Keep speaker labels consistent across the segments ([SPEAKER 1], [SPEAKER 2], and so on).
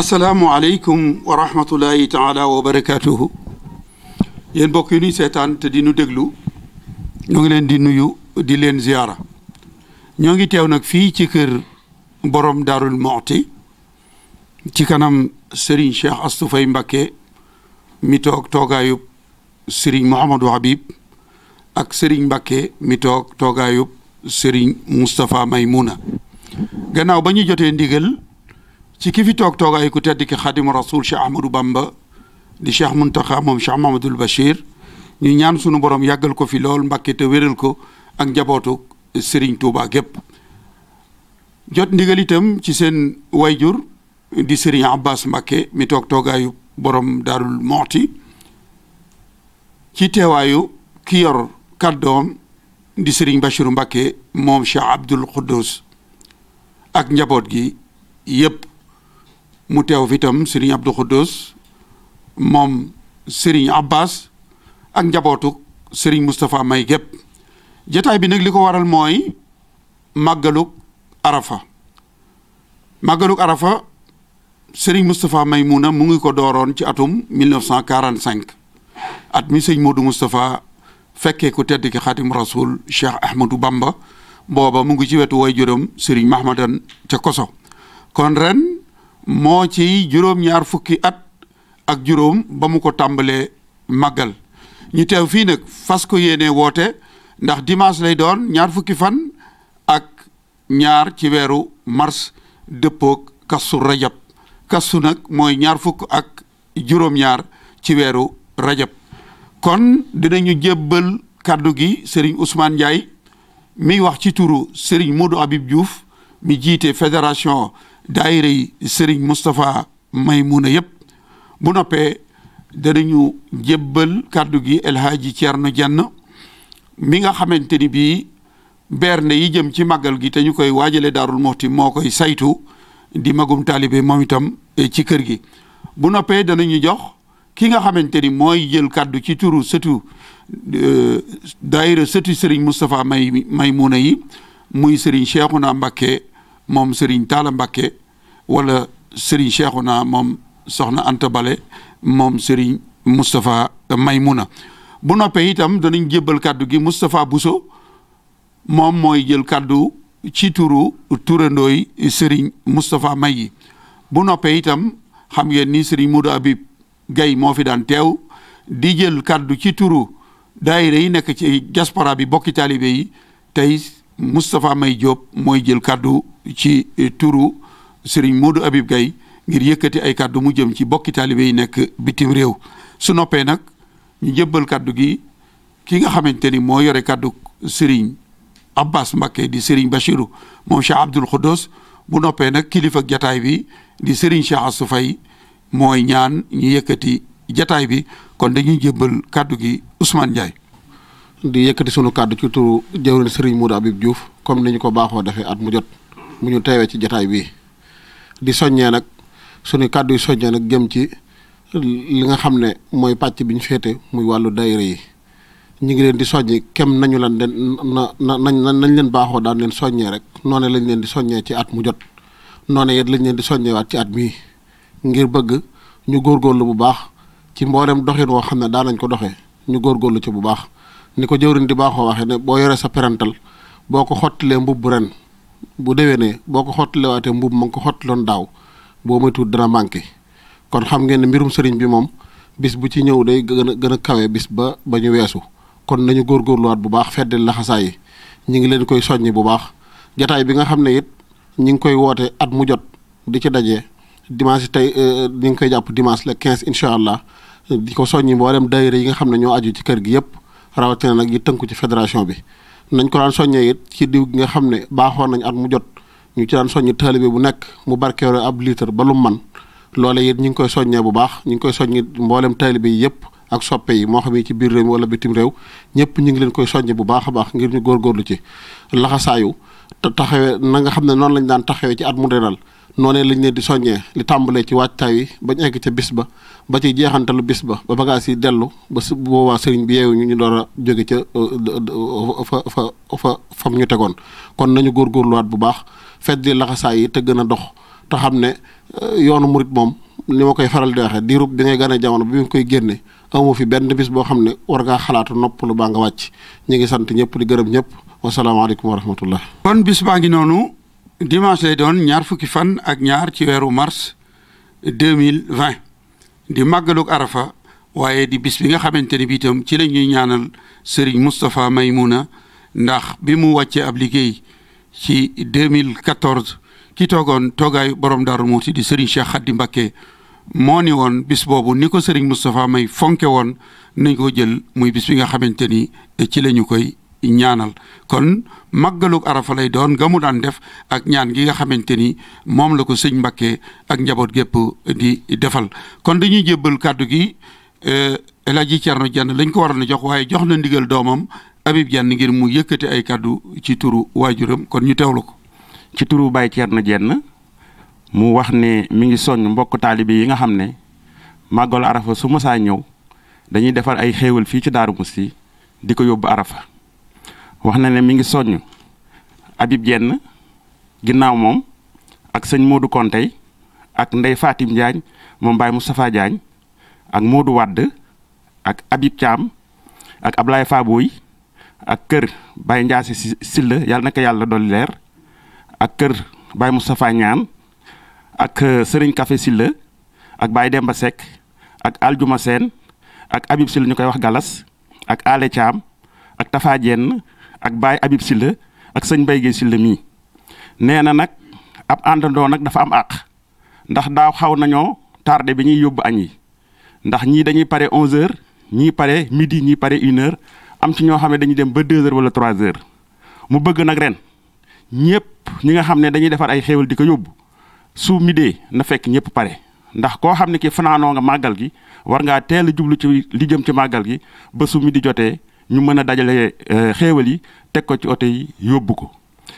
[SPEAKER 1] asalaamualeykum wa rahmatullahi taala wa barakaatuhu yéen mbokk yi nuy seetaan te di nu déglu ñoo ngi leen di nuyu di leen ziyaara ñoo ngi teew nag fii ci kër boroom Darou Mouhty ci kanam Serigne Cheikh Astou Faye Mbacké mi toog toogaayub Serigne Mouhamadou Habib ak Serigne Mbacké mi toog toogaayub Serigne Moustapha Maymouna gannaaw ba ñu jotee ndigal ci ki fi toog toogaayu ku tedd ki xadimu rasul Cheikh Ahmadou Bamba di Cheikh Muntaxa moom Cheikh Mahamadul Bachir ñu ñaan sunu borom yàggal ko fi lool mbàkke te wéral ko ak njabootu Serigne Touba gépp jot ndigal itam ci seen wayjur di Serigne Abbas Mbàkke mi toog toogaayu borom daarul moxti ci teewaayu ki yor kàddoom di Serigne Bachiru Mbàkke moom Cheikh Abdul Xuddus ak njaboot gi yépp mu teew fi itam sëriñ Abdou Khoudous moom sëriñ Abbas ak njabootu sëriñ Moustapha May gépp jataay bi nag li ko waral mooy màggaluk Arafa màggaluk Arafa sëriñ Moustapha May Muna mu ngi ko dooroon ci atum 1945 at mi sëñ Modou Moustapha fekkee ku tedd ki xaatim rasul Cheikh Ahmadou Bamba booba mu ngi ci wetu way juróom sëriñ Mahmadan ca Koso kon ren moo ci juróom-ñaar fukki at ak juróom ba mu ko tàmbalee màggal ñu teew fii nag fas ko yéene woote ndax dimaas lay doon ñaar fukki fan ak ñaar ci weeru mars dëppook kasu rajab kasu nag mooy ñaar fukk ak juróom-ñaar ci weeru rajab kon dinañu jébbal kàddu gi Serigne Ousmane Ndiaye miy wax ci turu Serigne Modou Habib Diouf mi jiite fédération daayira yi sëriñ Moustapha Maymuna yëpp bu noppee danañu jébbal kàddu gi El Hadji Thierno Dieng mi nga xamante ni bii bernde yi jëm ci màggal gi te ñu koy waajale daarul moxti moo koy saytu di magum taalibe moom itam e, ci kër gi bu noppee danañu jox ki nga xamante ni mooy jël kàddu ci turu sëtu e, daayira sëtu sëriñ Moustapha May Maymuna yi muy sëriñ Cheikhouna Mbacké moom sëriñ Talla Mbacké wala Serigne Cheikhouna moom soxna Anta Bale moom Serigne Moustapha Maymouna bu noppee itam danañ jébbal kàddu gi Moustapha Bousso moom mooy jël kàddu ci turu turandooy Serigne Moustapha May yi bu noppee itam xam ngeen ni Serigne Modou Habib Gaye moo fi daan teew di jël kàddu ci turu daayira yi nekk ci diaspora bi bokki taalibe yi tey Moustapha May Diop mooy jël kàddu ci turu sëriñ Modou Habib Gaye ngir yëkkati ay kàddu mu jëm ci bokki taalibe yi nekk bitim réew su noppee nag ñu jëbbal kàddu gi ki nga xamante ni moo yore kàddu sëriñ Abbas Mbacké di sëriñ Bachirou moom Cheikh Abdoul Khoudous bu noppee nag kilifa jataay bi di sëriñ Cheikh Assou Faye mooy ñaan ñu yëkkati jataay bi kon dañuy jëbbal kàddu gi Ousmane Ndiaye. di yëkkati sunu kàddu ci turu jëwriñ sëriñ Modou Habib Diouf comme ni ñu
[SPEAKER 2] ko baaxoo defee at mu jot mu ñu teewee ci jataay bi. di soññee nag suñu kàddu yi soññee nag jëm ci li nga xam ne mooy pàcc bi ñu féete muy wàllu daayira yi ñu ngi leen di soññi kem nañu lan den na na nañ leen baaxoo daan leen soññee rek noone lañ leen di soññee ci at mu jot noone yet lañ leen di soññeewaat ci at mii ngir bëgg ñu góor góorgóorlu bu baax ci mboolem doxin woo xam ne daan nañ ko doxe ñu góorgóorlu ci bu baax ni ko jëwriñ di baaxoo waxee ne boo yoree sa perantal boo ko xottilee mbubb ren bu dewee ne boo ko xottalewaatee mbubb ma nga ko loon daaw boo moytuwul dana manqué kon xam ngeen ne mbirum sëriñ bi moom bis bu ci ñëw day gën a gën a kawe bis ba ba ñu weesu kon nañu góor góorluwaat bu baax feddel laxasaay yi ñu ngi leen koy soññi bu baax jataay bi nga xam ne it ñu ngi koy woote at mu jot di ci daje dimanche tey euh, euh, ñu ngi koy jàpp dimanche le 15 incha allah di ko soññi mboolem daayira yi nga xam ne ñoo aju ci kër gi yëpp rawatina nag yi tënku ci fédération bi nañ ko daan soññee it ci diw gi nga xam ne baaxoon nañ at mu jot ñu ci daan soññi taalibe bu nekk mu barkeeloo ab litre ba lu man loole it ñu ngi koy soññee bu baax ñu ngi koy soññi mboolem taalibe yi yëpp ak soppe yi moo xam yi ci biir réew mi wala bitim réew ñëpp ñu ngi leen koy soññee bu baax a baax ngir ñu góor góorlu ci laxasaayu te taxawee na nga xam ne noonu lañ daan taxawee ci at mu renal noonee lañ leen di soññee li tàmbalee ci waajtaay yi bañ egg ca bis ba ba ci jeexantalu bis ba ba bagages yi dellu ba su boobaa sëriñ bi yeewu ñu ñu door a jóge ca uh, uh, fa fa fa fam ñu tegoon kon nañu góor góorluwaat bu baax fet di laxasaay yi te gën a dox te xam ne uh, yoonu murit moom ni ma koy faral di waxee diirub bi ngay gane jamono bi nga koy génne amoo fi benn bis boo xam ne war ngaa nopp lu baa nga wàcc ñu ngi sant ñëpp di gërëm ñëpp wasalaamaaleykum wa rahmatullah
[SPEAKER 1] dimanche lay doon ñaar fukki fan ak ñaar ci weeru mars deux mille vingt di màggalug arafa waaye di bis bi nga xamante ni bi itam ci la ñuy ñaanal Serigne Moustapha Maymuna ndax bi mu wàccee ab liggéey ci 2014 ki toogoon toogaayu borom Daaru Muuti di Serigne Cheikh Khady Mbacké moo ni woon bis boobu ni ko Serigne Moustapha May fonke woon nañ koo jël muy bis bi nga xamante ni ci lañu koy ñaanal kon màggalu arafa lay doon ga mu daan def ak ñaan gi nga xamante ni moom la ko sëñ Mbàkke ak njaboot gépp di defal kon dañuy jébbal kàddu gi eh, El Hadji na jenn lañ ko waroon a jox waaye jox na ndigal doomam Habib Diène ngir mu yëkkati ay kàddu ci turu waajuram kon ñu teew la ko. ci turu Baye Thierno Diène mu wax ne mi ngi soññ mbokk
[SPEAKER 3] taalibe yi nga xam ne màggalu arafa su masaa ñëw dañuy defar ay xéewal fii ci Daaru Musti di ko yóbbu arafa. wax na ne mi ngi soññ Habib Diène ginnaaw moom ak sëñ Modou Kontey ak Ndey Fatim Diagne moom Baye Moustapha Diagne ak Modou Wadd ak Habib Thiam ak Ablaye Faboy ak kër Baye Ndiasse Silla yàlla na ko yàlla dolli leer ak kër Baye Moustapha Ñaan ak euh, sëriñ kafe Silla ak Baye Demba ak Aljuma ak Habib Silla ñu koy wax Galas ak Ale Thiam ak Tafa Diène ak baay Habib Sylla ak sëñ Mbaye Guèye Sylla mii nee na nag ab àndandoo nag dafa am àq ndax daaw xaw nañoo tardé bi ñuy yóbbu añ yi ndax ñii dañuy pare 11h ñii pare midi ñii pare une am ci ñoo xam dañuy dem ba 2h wala 3h mu bëgg nag ren ñëpp ñi nga xam ne dañuy defar ay xéewal di ko yóbbu su midee na fekk ñëpp pare. ndax koo xam ne ki fanaanoo nga màggal gi war ngaa teel a jublu ci li jëm ci màggal gi ba su midi jotee. ñu mën a dajale euh, xéewal yi teg ko ci oto yi yóbbu ko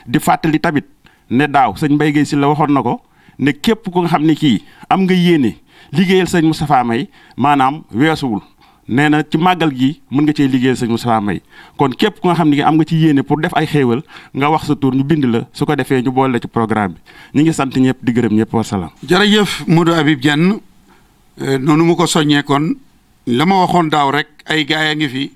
[SPEAKER 3] di fàttali tamit ne daaw sëñ Mbaye si la waxoon na ko ne képp ku nga xam ne kii am nga yéene liggéeyal sëñ Moustapha May maanaam weesuwul nee na ci màggal gi mën nga cee liggéeyal mu safaa May kon képp ku nga xam ne am nga ci yéene pour def ay xéewal nga wax sa tur ñu bind la su ko defee ñu boole la ci programme bi ñu ngi sant ñëpp di gërëm ñëpp wasalaam.
[SPEAKER 1] jërëjëf Modou Habib Diagne euh, noonu mu ko soññee kon la ma waxoon daaw rek ay gaay a ngi fi.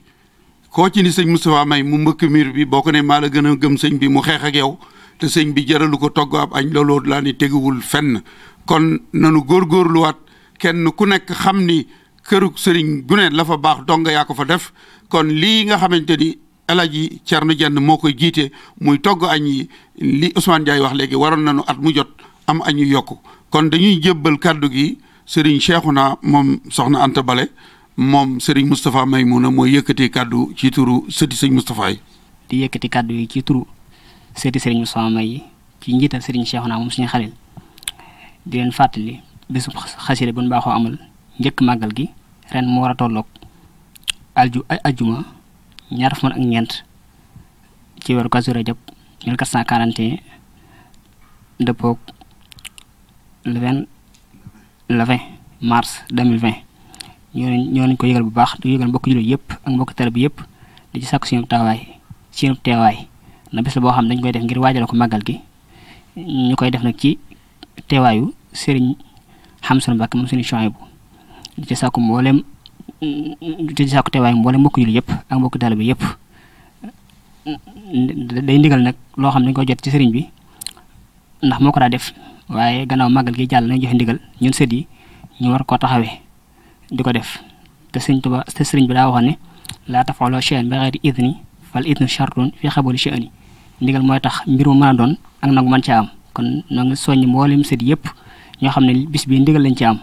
[SPEAKER 1] koo ci ni sëñ Moustapha may mu mbëkk miir bi boo ko ne maa la gën a gëm sëñ bi mu xeex ak yow te sëñ bi jaralu ko togg ab añ looloo laa ni teguwul fenn kon nanu góor góorgóorluwaat kenn ku nekk xam ni këru sëriñ gu ne la fa baax dong yaa ko fa def kon lii nga xamante ni Alaaji nu Jenn moo koy jiite muy togg añ yi li Ousmane Ndiaye wax léegi waroon nañu at mu jot am añu yokku kon dañuy jébbal kàddu gi sëriñ Cheikhouna moom soxna Anta Bale moom Serigne Moustapha Maymouna mooy yëkkati kàddu ci turu sëti sëñ Moustapha yi.
[SPEAKER 4] di yëkkati kàddu yi ci turu sëti Serigne Moustapha May yi ci njiital Serigne Cheikhouna moom suñu xalil di leen fàttali bésu xasida bu ñu baaxoo amal njëkk màggal gi ren mu war a tolloog alju aljuma ñaar fan ak ñeent ci weeru Kazu Rajab 1441 dëppoog le 20 le 20 mars 2020. ñoo ñoo lañ ko yëgal bu baax di yëgal mbokk jullit yëpp ak mbokk tere bi yëpp di ci sàkku seen taxawaay seen teewaay na bés la boo xam dañ koy def ngir waajal ko màggal gi ñu koy def nag ci teewaayu Serigne Hamsou Mbacké moom Serigne Chouaïbou di ci sàkku mboolem di ci sàkku teewaayu mboolem mbokk jullit yëpp ak mbokk tere bi yëpp day ndigal nag loo xam ne dañ koy jot ci sëriñ bi ndax moo ko daa def waaye gannaaw màggal gi jàll nañ joxe ndigal ñun sët yi ñu war koo taxawee di ko def te sëriñ Tuubaa te sëriñ bi daa waxoon ne laa tafaloo shay'an bi ghayri idni fal idnu shartun fi qabuli shay'in ndigal mooy tax mbir mu mën a doon ak na nga soññ mboolem am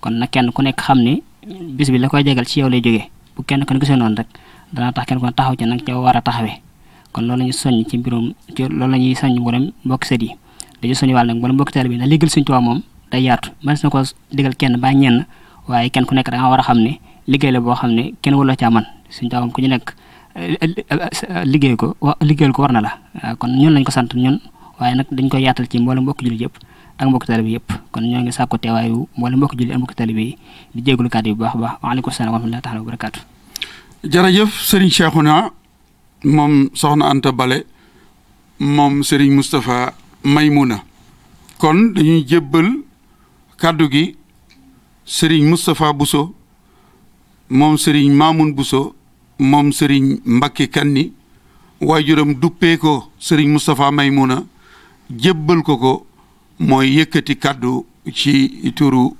[SPEAKER 4] kon ku nekk xam ne bis bi la koy jegal ci yow lay jógee bu ku ne gisee noonu rek danaa tax kenn a taxawee kon loolu la ñuy soññ ci mbirum ci loolu la ñuy soññ mboolem mbokki sët yi dañuy soññ wàll nag mboolem mbokki taalibe bi na liggéeyal Sëriñ Tuubaa moom day yaatu mën na ko digal kenn ba ñenn waaye kenn ku nekk da war a xam ne liggéey la boo xam ne kenn wala caa man suñ taawam ku ñu nekk liggéey ko liggéeyal ko war na la kon ñun lañ ko sant ñun waaye nag dañ koy yaatal ci mboolem mbokk jullit yëpp ak mbokk talibi yëpp kon ñoo ngi sàkku teewaayu mboolem mbokk jullit ak mbokk talibi yi di jégalu kàddu yi bu baax a baax waaleykum salaam wa rahmatulah taala wa barakaatu.
[SPEAKER 1] jërëjëf Serigne na moom soxna Anta Bale moom Serigne Moustapha Maymouna kon dañuy jébbal kàddu gi. sëriñ Moustapha buso moom sëriñ Mamoun buso moom sëriñ Mbacke Kanni waajuram duppee ko sëriñ Moustapha Maymuna jébbal ko ko mooy yëkkati kàddu ci turu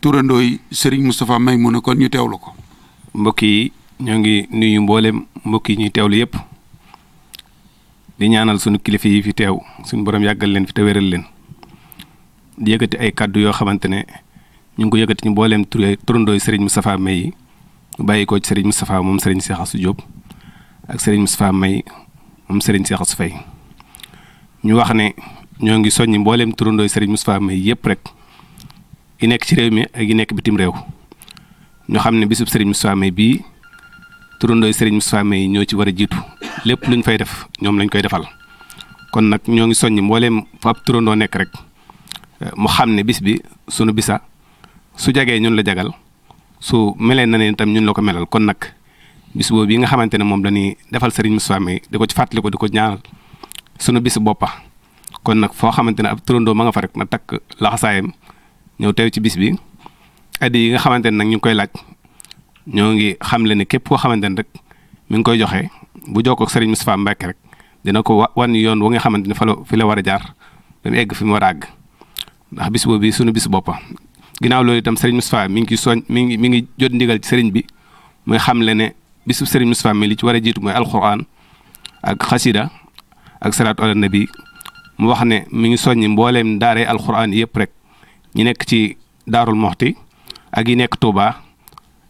[SPEAKER 5] turandooy sëriñ Moustapha Maymuna kon ñu teew la ko. mbokk yi ñoo ngi nuyu mboolem mbokk yi ñuy teewlu yépp di ñaanal sunu kilifa yi fi teew suñ borom yàggal leen fi te wéral leen di yëkkati ay kàddu yoo xamante ne. ñu ngi ko yëkkati ñu mbooleem tur turandooy Serigne Moustapha May yi bàyyi ko ci Serigne Moustapha moom Serigne Cheikh Assou Diop ak Serigne Moustapha May moom ñu wax ne ñoo ngi soññi mbooleem turandooy Serigne Moustapha May yëpp rek yi nekk ci réew mi ak yi nekk bitim réew ñu xam ne bisub Serigne Moustapha May bii turandooy Serigne yi ñoo ci war a jiitu lépp luñ fay def ñoom lañ koy defal kon nag ñoo ngi soññi mbooleem fa ab turandoo nekk rek mu xam ne bis bi sunu bisa su jagee ñun la jagal su melee na ne itam ñun la ko melal kon nag bis boobu yi nga xamante ne moom dañuy defal Serigne Moustapha mi di ci fàttali ko ko ñaanal sunu bisu boppa kon nag foo xamante ne ab turandoo ma nga fa rek na takk laxasaayam ñëw teew ci bis bi addi yi nga xamante ne nag ñu ngi koy laaj ñoo ngi xamle ne képp koo xamante ne rek mi ngi koy joxe bu jokkoo ak Serigne Moustapha Mbacke rek dina ko wan yoon wu nga xamante ne fa la fi la war a jaar dañu egg fi mu war a àgg ndax bis boobu sunu bis boppa ginaaw loolu itam sëriñ Moustapha mi ngi soñ mi ngi mi ngi jot ndigal ci sëriñ bi muy xamle ne bisub sëriñ Moustapha mi li ci war a jiitu mooy alquran ak xasida ak salaatu ala nabi mu wax ne mi ngi soññi mbooleem daaree alxuraan yëpp rek ñu nekk ci daarul moxti ak yi nekk Touba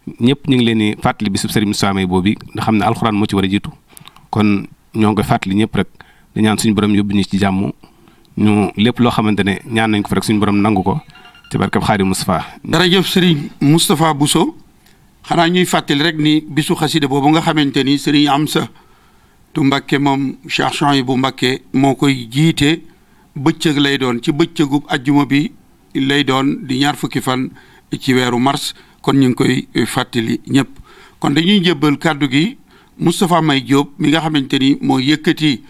[SPEAKER 5] ñëpp ñu ngi leen di fàttali bisub sëriñ Moustapha mi boobu nga xam ne alquran moo ci war a jiitu kon ñoo ngi koy fàttali ñëpp rek di ñaan suñu borom yóbbu ñu ci jàmm ñu lépp loo xamante ne ñaan nañ ko rek suñu borom nangu ko. ci barkab xaari Moustapha.
[SPEAKER 1] jërëjëf Serigne Moustapha Bousso
[SPEAKER 5] xanaa ñuy fàttali rek ni bisu xasida boobu nga xamante
[SPEAKER 1] ni Serigne Amsa tu Mbacke moom Cheikh bu Mbacke moo koy jiite bëccëg lay doon ci bëccëgub ajjuma bi lay doon di ñaar fukki fan ci weeru mars kon ñu ngi koy fàttali ñëpp kon dañuy jëbal kàddu gi Moustapha May Diop mi nga xamante ni moo yëkkati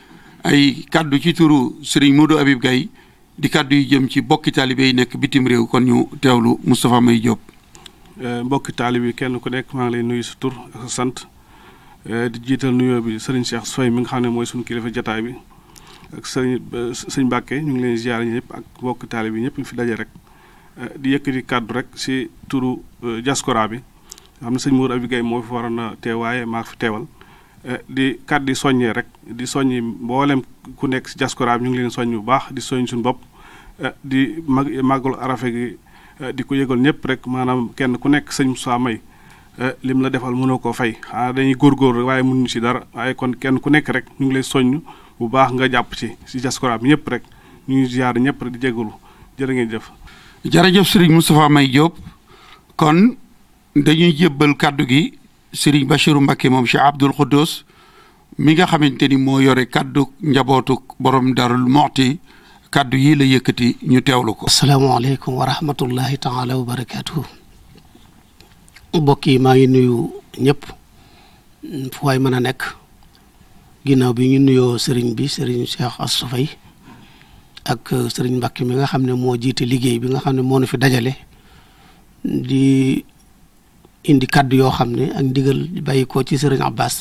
[SPEAKER 1] ay kàddu ci turu Serigne Modou Habib Gaye di kàddu yu jëm ci bokki taalibe yi nekk bitim réew kon ñu teewlu Moustapha May Diop.
[SPEAKER 5] Eh, mbokki taalibe yi kenn ku nekk maa ngi lay nuyu sa tur ak sa sant eh, di jiital nuyoo bi sëriñ Cheikh Soy mi nga xam ne mooy suñu kilifa jataay bi ak sëriñ sëñ Mbàkke ñu ngi leen ziar ñëpp ak mbokki taalibe yi ñëpp ñu fi dajee rek eh, di yëkkati kàddu rek si turu diaspora bi xam ne sëñ Mour Abi Gaye moo fi na a waaye maa fi teewal di kàddu di soññee rek di soññi mboolem ku nekk si diaspora bi ñu ngi leen bu baax di soññ suñu bopp. Eh, di mag màggalu arafe gi eh, di ko yëgal ñëpp rek maanaam kenn ku nekk sëñ Moussa May eh, lim la defal mënoo ko fay ah dañuy góor rek waaye mënuñu si dara waaye kon kenn ku nekk rek ñu ngi lay soññ bu baax nga jàpp ci si diaspora bi ñëpp rek ñu ngi ziar ñëpp rek di jégalu jërë ngeen jëf.
[SPEAKER 1] jërëjëf Serigne Moustapha May Diop kon dañuy jëbal kàddu gi Serigne Bachirou Mbacké moom si Abdoul Khoudous mi nga xamante ni moo yore kàddu njabootu borom Darou Mouhty kàddu yii la yëkkati ñu teewlu ko.
[SPEAKER 6] asalaamaaleykum wa rahmatullahi taala wa barakaatuhu. mbokk yi maa ngi nuyu ñëpp fu waay mën a nekk ginnaaw bi ñu nuyoo sëriñ bi sëriñ Cheikh Astou ak sëriñ Mbacke mi nga xam ne moo jiite liggéey bi nga xam ne moo nu fi dajale di indi kàddu yoo xam ne ak ndigal bàyyi ko ci sëriñ Abbas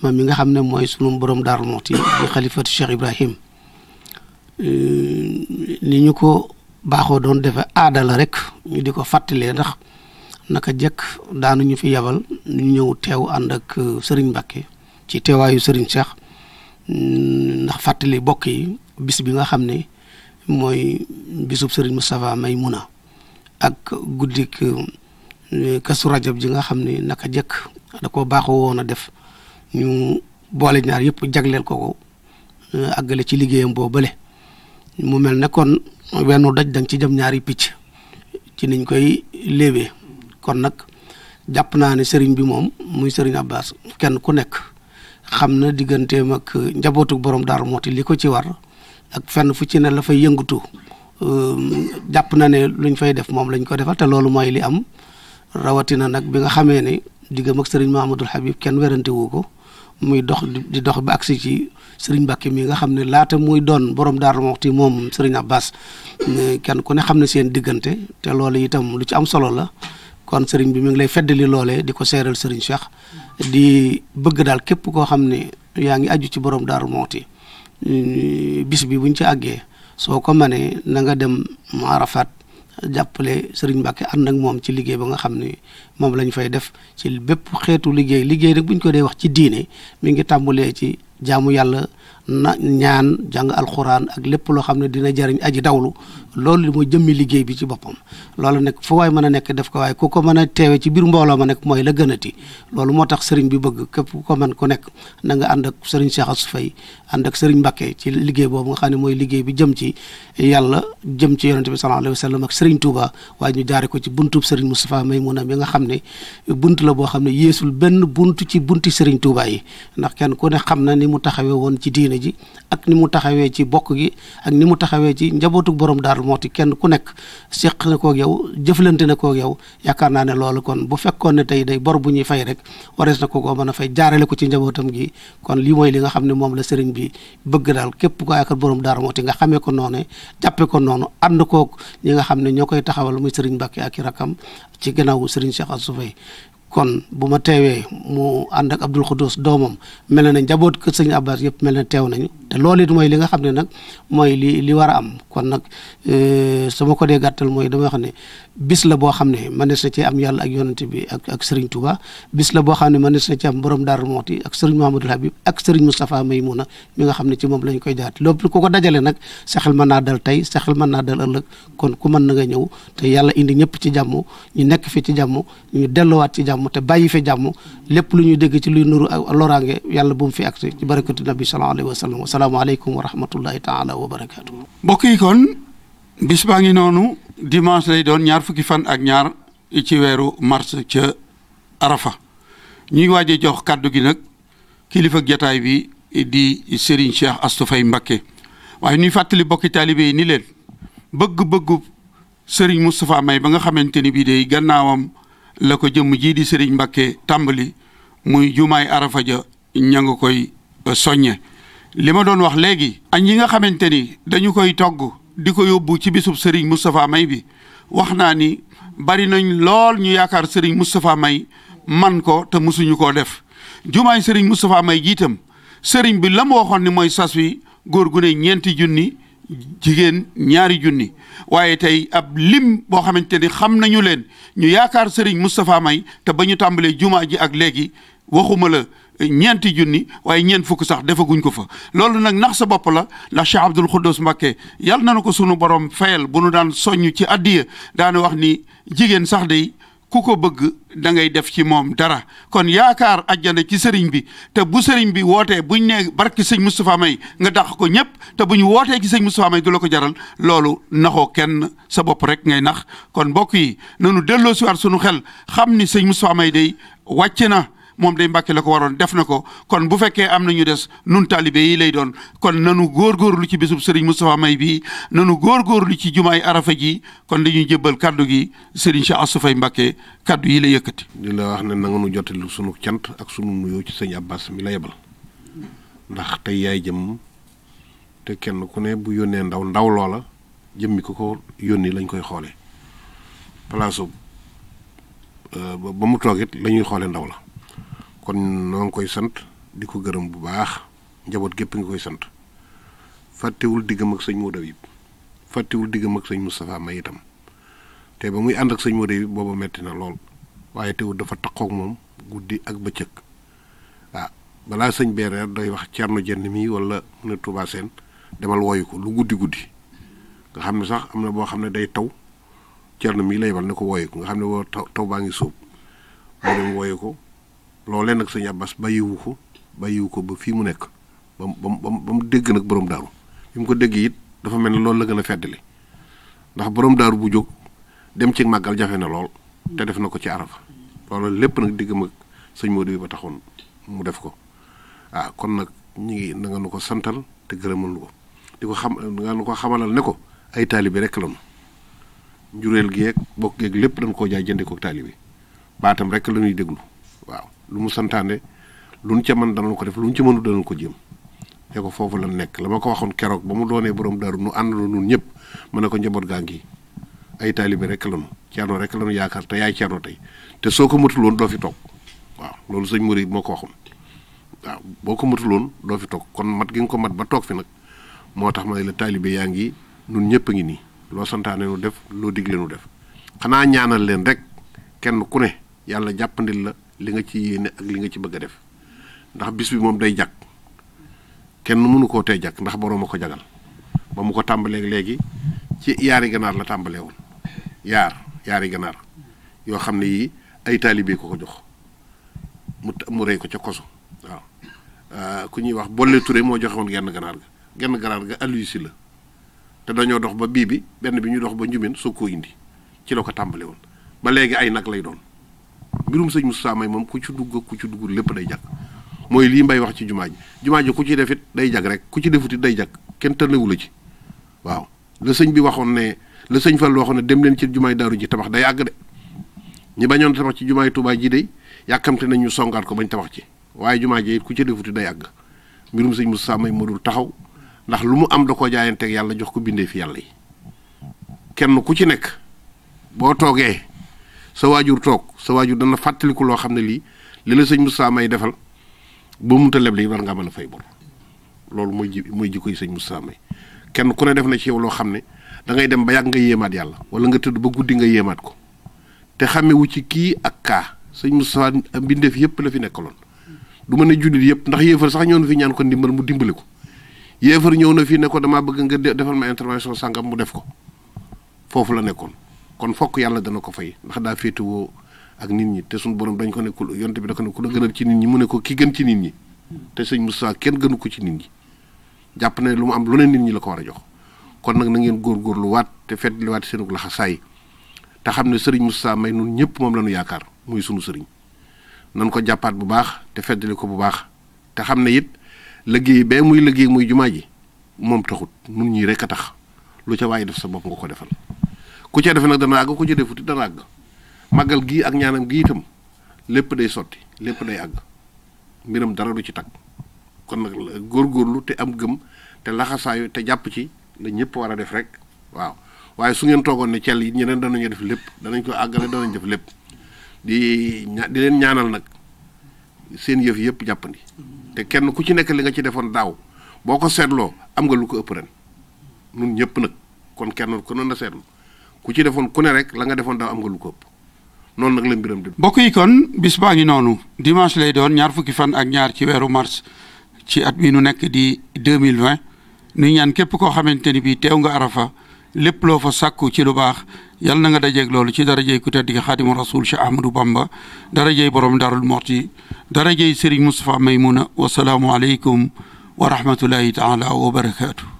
[SPEAKER 6] moom mi nga xam ne mooy sunu borom Darou Mouhty di xalifatu Cheikh Ibrahim ni euh, ñu ko baaxoo doon defe aadala rek ñu di ko fàttalee ndax naka jëkk daanu ñu fi yabal ñu ñëw teew ànd ak euh, sëriñ Mbacke ci teewaayu sëriñ Cheikh mm, ndax fàttali bokk yi bis bi nga xam ne mooy bisub sëriñ Moustapha Maymuna ak guddik euh, kasu rajab ji nga xam ne naka jëkk da ko baaxoo woon a def ñu boole ñaar yëpp jagleel ko ko àggale ci liggéeyam boo mu mel ne kon wenn daj dang ci jëm ñaari picc ci niñ koy léebee kon nag jàpp naa ne sëriñ bi moom muy sëriñ abas kenn ku nekk xam na digganteem ak njabootu borom Daaru Muxti li ko ci war ak fenn fu ci ne la fay yëngatu jàpp na ne luñ fay def moom lañ ko defal te loolu mooy li am rawatina nag bi nga xamee ne diggam ak sëriñ Mahamadul Habib kenn werante wu ko muy dox di dox ba agsi ci sëriñ Mbàkke mii nga xam ne laata muy doon borom daar Daaru Muxti moom sëriñ Abbas kenn ku ne xam ne seen diggante te loolu itam lu ci am solo la kon sëriñ bi mu ngi lay feddali loole di ko seeral sëriñ Cheikh di bëgg daal képp koo xam ne yaa ngi aju ci borom Daaru Muxti mm, bis bi buñ ci àggee soo ko manee na nanga dem mu Arafat jàppale Serigne Mbacke ànd ak moom ci liggéey ba nga xam ni moom lañ fay def ci bépp xeetu liggéey liggéey rek bu ñu ko dee wax ci diine mi ngi tàmbalee ci jaamu yàlla na ñaan jàng alxuraan ak lépp loo xam ne dina jariñ aji dawlu loolu li mooy jëmmi liggéey bi ci boppam loolu nag fu waay mën a nekk def ko waaye ku ko mën a teewe ci biir mbooloo ma nekk mooy la gën a ti moo tax sëriñ bi bëgg képp ku ko mën ku nekk na nga ànd ak sëriñ Cheikh Assou Faye ànd ak sëriñ Mbacké ci liggéey boobu xam ne mooy liggéey bi jëm ci yàlla jëm ci yonente bi sallallahu alayhi wa sallam ak sëriñ Touba waaye ñu jaare ko ci buntub sëriñ may Moustapha Maymouna mi nga xam ne bunt la boo xam ne yéesul benn bunt ci bunti sëriñ Touba yi ndax kenn ku ne xam na ni mu taxawe woon ci diine ji ak ni mu taxawee ci bokk gi ak ni mu taxawee ci njabootu borom moo ti kenn ku nekk seq na koog yow jëflante na koog yow yaakaar naa ne loolu kon bu fekkoon ne tey day bor bu ñuy fay rek warees na ko koo mën a fay jaarale ko ci njabootam gi kon lii mooy li nga xam ne moom la sëriñ bi bëgg daal képp ko yaakaar borom moo ti nga xamee ko noonu jàppe ko noonu ànd koog ñi nga xam ne ñoo koy taxawal muy sëriñ Mbàkke ak i rakam ci gannaaw sëriñ Cheikh Assou kon bu ma teewee mu ànd ak Abdul Xudus doomam mel na ne njaboot kër sëñ Abbas yëpp mel na teew nañ te lool it mooy li nga xam ne nag mooy li li war a am kon nag euh, sama ko dee gàttal mooy dama xam ne bis la boo xam ne mënees na ci am yàlla ak yonante bi ak ak Serigne bis la boo xam ne mënees na ci am borom Darou Mouhty ak Serigne Mahamadou Habib ak Serigne Moustapha Maymouna mi nga xam ne ci moom lañu koy jaat loolu ko ko dajale nag sa xel mën naa dal tey sa xel mën naa dal ëllëg kon ku mën na nga ñëw te yàlla indi ñëpp ci jàmm ñu nekk fi ci jàmm ñu delluwaat ci jàmm te bàyyi fi jàmm lépp lu ñuy dégg ci luy nuru ak loraange yàlla bu mu fi agsi ci barakatu nabi sallallahu wa sallam wasalaamaaleykum wa rahmatullahi taala wa barakatuh
[SPEAKER 1] mbokk yi kon bis baa ngi noonu dimanche lay doon ñaar fukki fan ak ñaar ci weeru mars ca Arafa ñuy waaj a jox kàddu gi nag kilifa jataay bi di Serigne Cheikh Astou Faye waaye ñuy fàttali bokki taalibe yi ni leen bëgg-bëggu Serigne Moustapha May ba nga xamante ni bii day gannaawam la ko jëmm jii di Serigne Mbacké tàmbali muy jumaay Arafa ja ña nga koy soññe li ma doon wax léegi. añ yi nga xamante ni dañu koy togg. di ko yóbbu ci bisub Serigne Moustapha May bi wax naa ni bari nañ lool ñu yaakaar Serigne Moustapha May man ko te mosuñu koo def jumaay Serigne Moustapha May jiitam Serigne bi la mu waxoon ni mooy sas wi góor gu ne ñeenti junni jigéen ñaari junni waaye tey ab lim boo xamante ni xam nañu leen ñu yaakaar Serigne Moustapha May te ba ñu tàmbalee jumaa ji ak léegi waxuma la ñeenti junni waaye ñeent fukk sax defaguñ ko fa loolu nag nax sa bopp la ndax Cheikh Abdoul Khoudous Mbacké yàlla na nu ko sunu borom fayal bu nu daan soññ ci addiya daana wax ni jigéen sax day ku ko bëgg dangay def ci moom dara kon yaakaar ajjana ci sëriñ bi te bu sëriñ bi wootee buñ nee barki sëñ Moustapha May nga dàq ko ñëpp te bu ñu wootee ci sëñ Moustapha May du la ko jaral loolu naxoo kenn sa bopp rek ngay nax kon mbokk yi nanu delloo si waat sunu xel xam ni sëñ Moustapha May day wàcc na moom day mbàkke la ko waroon def na ko kon bu fekkee am na ñu des nun taalibe yi lay doon kon nanu góorgóorlu ci bésub sëriñ Moustapha May bi nanu góorgóorlu ci jumaay arafa ji kon dañuy jébbal kàddu gi sëriñ Cheikh Assou Faye Mbàkke kaddu yi la yëkkati
[SPEAKER 7] di la wax ne nanga nu lu sunu cant ak sunu nuyoo ci sëñ Abbas mi la yebal ndax tey yaay jëm te kenn ku ne bu yónnee ndaw ndaw loola jëmmi ko ko yónni lañ koy xoolee palaasu euh, ba mu toog it la xoolee ndaw la kon noo ngi koy sant di ko gërëm bu baax njaboot gépp nga koy sant fàttewul diggam ak sëñ Modou Habib fàttewul diggam ak sëñ Moustapha May itam te ba muy ànd ak sëñ Modou Habib booba metti na lool waaye teewul dafa taqoog moom guddi ak bëccëg ah balaa sëñ bee reer day wax Thierno Dieng mii wala mu ne Touba Seen demal woyu ko lu guddi guddi nga xam ne sax am na boo xam ne day taw Thierno mii lay bal ne ko woyu ko nga xam ne boo taw taw baa ngi sóob mu dem woyu ko. loolee nag sëñ Abbas bàyyiwu ko bàyyiwu ko ba fii mu nekk ba mu ba mu dégg nag borom daaru bi mu ko dégg it dafa mel ne loolu la gën a feddali ndax boroom daaru bu jóg dem ci màggal jafe na lool te def na ko ci arafa loolu lépp nag digg mag sëñ Modou bi ba taxoon mu def ko ah kon nag ñu ngi na nga nu ko santal te gërëmal nu ko di ko xam nga nu ko xamalal ne ko ay taalibi rek la nu njureel gi yeeg bokk geeg lépp dañ koo jaay jëndee ko taalibi baatam rek la ñuy déglu lu mu santaane lu nu ca mën danañ ko def lu nu ci mënu danañ ko jëm ne ko foofu la nekk la ma ko waxoon keroog ba mu doonee borom daru nu àndandoo nun ñëpp mën na ko njaboot gaa ngi ay taalibe rek lanu ceerno rek lanu yaakaar te yaay ceerno tey te soo ko matul doo fi toog waaw loolu sëñ Mouride moo ko waxoon boo ko matul woon doo fi toog kon mat gi nga ko mat ba toog fi nag moo tax ma ne la taalibe yaa ngi nun ñëpp a ngi nii loo santaane nu def loo digle nu def xanaa ñaanal leen rek kenn ku ne yàlla jàppandil la. li nga ci yéene ak li nga ci bëgg a def ndax bis bi moom day jàkk kenn mënu koo tey jàkk ndax boroom a ko jagal ba mu ko tàmbalee léegi ci yaari ganaar la tàmbalee woon yaar yaari ganaar yoo xam ne yii ay taalibe ko ko jox mu mu rey ko ca koso waaw euh, ku ñuy wax bolle Touré moo joxewoon woon genn ganaar ga genn ganaar ga alluy si la te dañoo dox ba bii bi benn bi ñu dox ba njumin soo ko indi ci la ko tàmbale ba léegi ay nag lay doon mbirum sëñ Moustapha May moom ku ci dugg ku ci dugg lépp day jag mooy lii mbay wax ci jumaa ji jumaa ji ku ci defit day jag rek ku ci defutit day jag kenn tënnewu ci waaw la sëñ bi waxoon ne la sëñ Fall waxoon ne dem leen ci jumaay daaru ji tabax day àgg de bañoon tabax ci jumaay Touba ji de yàkkamte nañ ñu songaat ko bañ tabax ci waaye jumaa ji it ku ci defuti day àgg mbirum sëñ Moustapha May moo taxaw ndax lu mu am da koo jaayanteeg yàlla jox ko bindee fi yàlla kenn ku ci nekk boo toogee. sa waajur toog sa waajur dana fàttaliku loo xam ne lii li la sëñ Moussa may defal boo munta leble war ngaa mën a fay bor loolu mooy ji mooy jikko yi sëñ Moussa may kenn ku ne def na ci yow loo xam ne da ngay dem ba yàgg nga yéemaat yàlla wala nga tëdd ba guddi nga yéemaat ko te xamewu ci kii ak kaa sëñ Moussa mbindeef yëpp la fi nekkaloon du mën a jullit yëpp ndax yéefar sax ñëw na fi ñaan ko ndimbal mu dimbali ko yéefar ñëw na fii ne ko damaa bëgg nga defal ma intervention sàngam mu def ko foofu la nekkoon kon fokk yàlla dana ko fay ndax daa féetewoo ak nit ñi te suñu borom dañ ko ne ku yonte bi da ko ne ku la gënal ci nit ñi mu ne ko ki gën ci nit ñi te sëñ Moussa kenn gënu ko ci nit ñi jàpp ne lu mu am lu ne nit ñi la ko war a jox kon nag na ngeen góorgóorlu waat te fetliwaat seen laxa saay te xam ne sëriñ Moussa may nun ñëpp moom la yaakaar muy sunu sëriñ nan ko jàppaat bu baax te feddali ko bu baax te xam ne it liggéey bee muy liggéey muy jumaa ji moom taxut nun ñii rek a tax lu ca waaye def sa bopp nga ko defal ku cee defe nag dana àgg ku ci defuti dana àgg màggal gii ak ñaanam gi itam lépp day sotti lépp day àgg mbiram dara du ci tag kon nag góorlu te am gëm te laxasaayu te jàpp ci la ñëpp war a def rek waaw waaye su ngeen toogoon ne cell yi ñeneen danañu def lépp danañ ko àggale danañ def lépp di di leen ñaanal nag seen yëf yëpp jàppandi te kenn ku ci nekk li nga ci defoon daaw boo ko seetloo am nga lu ko ëpp ren nun ñëpp nag kon kenn ku noon na seetlu ku ci defoon ku ne rek la nga defoon daaw am nga lu ko ëpp noonu nag la biram di
[SPEAKER 1] mbokk yi kon bis baa ngi noonu dimanche lay doon ñaar fukki fan ak ñaar ci weeru mars ci at bii nu nekk di 2020 nu ñaan képp koo xamante ni bii teew nga arafa lépp loo fa sàkku ci lu baax yal na nga dajeeg loolu ci darajey ku tedd gi xaadimu rasul Cheikh Ahmadou Bamba darajey borom Darou Mouhty darajey Serigne Moustapha Maymouna wasalaamu aleykum wa rahmatullahi taala wa barakaatu